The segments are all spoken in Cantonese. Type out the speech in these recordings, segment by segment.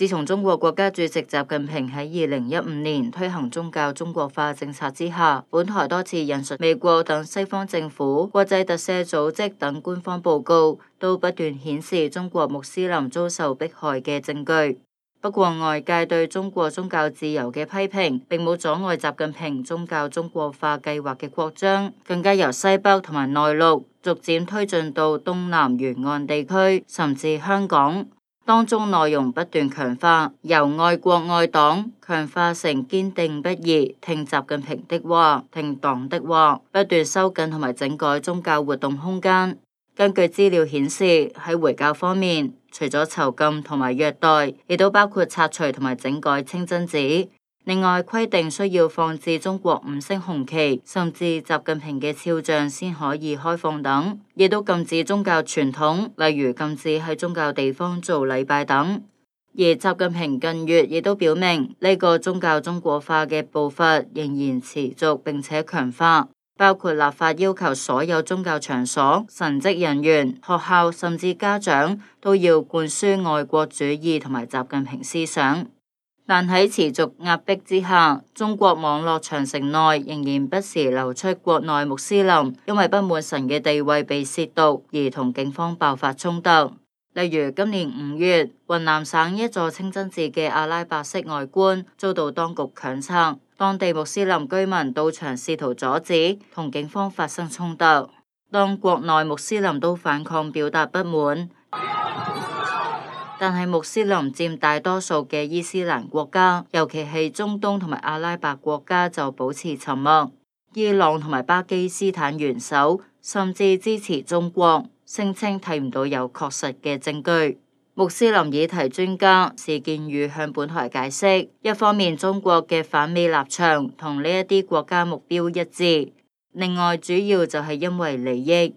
自從中國國家主席習近平喺二零一五年推行宗教中國化政策之下，本台多次引述美國等西方政府、國際特赦組織等官方報告，都不斷顯示中國穆斯林遭受迫害嘅證據。不過外界對中國宗教自由嘅批評並冇阻礙習近平宗教中國化計劃嘅擴張，更加由西北同埋內陸逐漸推進到東南沿岸地區，甚至香港。當中內容不斷強化，由愛國愛黨強化成堅定不移聽習近平的話、聽黨的話，不斷收緊同埋整改宗教活動空間。根據資料顯示，喺回教方面，除咗囚禁同埋虐待，亦都包括拆除同埋整改清真寺。另外規定需要放置中國五星紅旗，甚至習近平嘅肖像先可以開放等，亦都禁止宗教傳統，例如禁止喺宗教地方做禮拜等。而習近平近月亦都表明，呢個宗教中國化嘅步伐仍然持續並且強化，包括立法要求所有宗教場所、神職人員、學校甚至家長都要灌輸愛國主義同埋習近平思想。但喺持續壓迫之下，中國網絡長城內仍然不時流出國內穆斯林因為不滿神嘅地位被褻瀆而同警方爆發衝突。例如今年五月，雲南省一座清真寺嘅阿拉伯式外觀遭到當局強拆，當地穆斯林居民到場試圖阻止，同警方發生衝突。當國內穆斯林都反抗表達不滿。 但係穆斯林佔大多數嘅伊斯蘭國家，尤其係中東同埋阿拉伯國家就保持沉默。伊朗同埋巴基斯坦元首甚至支持中國，聲稱睇唔到有確實嘅證據。穆斯林議題專家史建宇向本台解釋，一方面中國嘅反美立場同呢一啲國家目標一致，另外主要就係因為利益。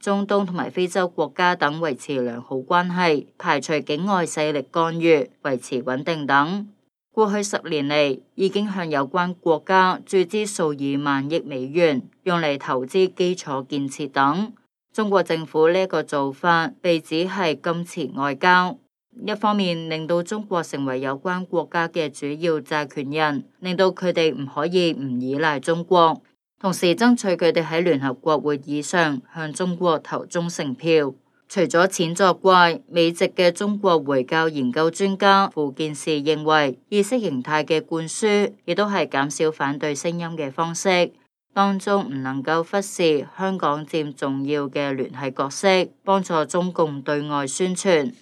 中東同埋非洲國家等維持良好關係，排除境外勢力干預，維持穩定等。過去十年嚟，已經向有關國家注資數以萬億美元，用嚟投資基礎建設等。中國政府呢個做法被指係金錢外交，一方面令到中國成為有關國家嘅主要債權人，令到佢哋唔可以唔依賴中國。同時爭取佢哋喺聯合國會議上向中國投忠誠票。除咗錢作怪，美籍嘅中國回教研究專家傅建士認為，意識形態嘅灌輸亦都係減少反對聲音嘅方式。當中唔能夠忽視香港佔重要嘅聯繫角色，幫助中共對外宣傳。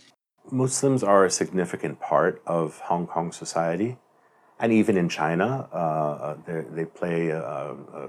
Muslims are a significant part of Hong Kong society, and even in China, uh, they, they play uh, uh,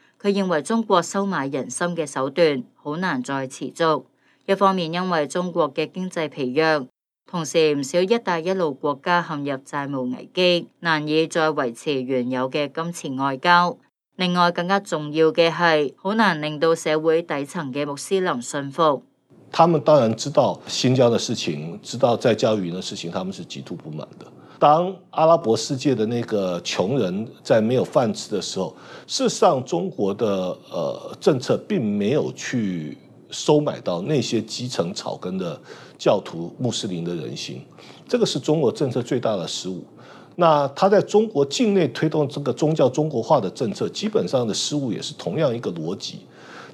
佢認為中國收買人心嘅手段好難再持續，一方面因為中國嘅經濟疲弱，同時唔少一帶一路國家陷入債務危機，難以再維持原有嘅金錢外交。另外更加重要嘅係，好難令到社會底層嘅穆斯林信服。他們當然知道新疆的事情，知道再教育營的事情，他們是極度不滿的。當阿拉伯世界的那個窮人，在沒有飯吃的時候，事實上中國的呃政策并沒有去收買到那些基層草根的教徒穆斯林的人心，這個是中國政策最大的失誤。那他在中國境內推動這個宗教中國化的政策，基本上的失誤也是同樣一個邏輯，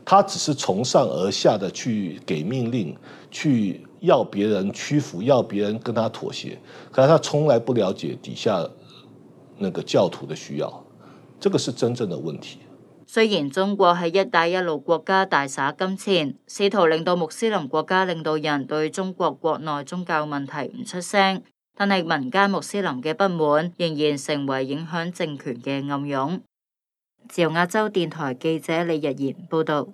他只是從上而下的去給命令去。要別人屈服，要別人跟他妥協，可他從來不了解底下那個教徒的需要，這個是真正的問題。雖然中國喺一帶一路國家大撒金錢，試圖令到穆斯林國家領導人對中國國內宗教問題唔出聲，但係民間穆斯林嘅不滿仍然成為影響政權嘅暗湧。自由亞洲電台記者李日言報導。